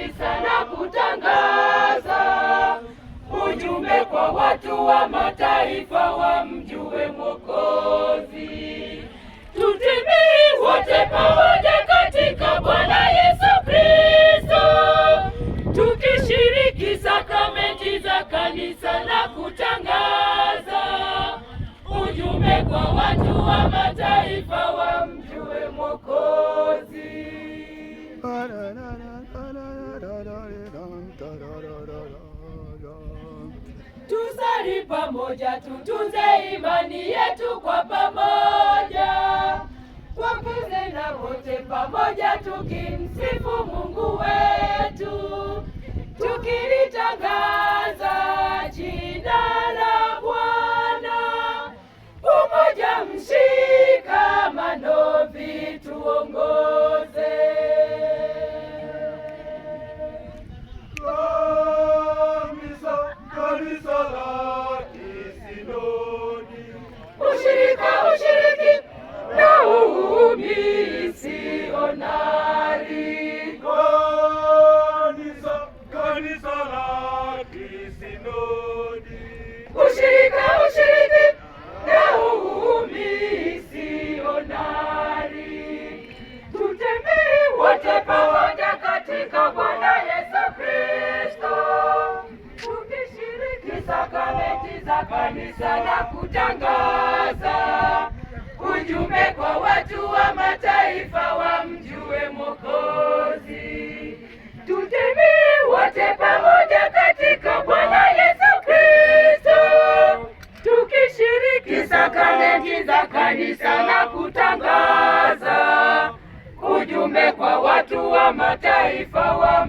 kanisa na kutangaza ujumbe kwa watu wa mataifa wamjue Mwokozi. Tutembee wote pamoja katika Bwana Yesu Kristo, tukishiriki sakramenti za kanisa na kutangaza ujumbe kwa watu wa mataifa wamjue Mwokozi. Tusali pamoja, tutunze imani yetu kwa pamoja. ushirika, ushiriki na umisionari, tutembee wote pamoja katika Bwana Yesu Kristo, tukishiriki sakramenti za kanisa na kutangaza ujumbe kwa watu wa mataifa wamjue kanisa la kutangaza ujumbe kwa watu wa mataifa wa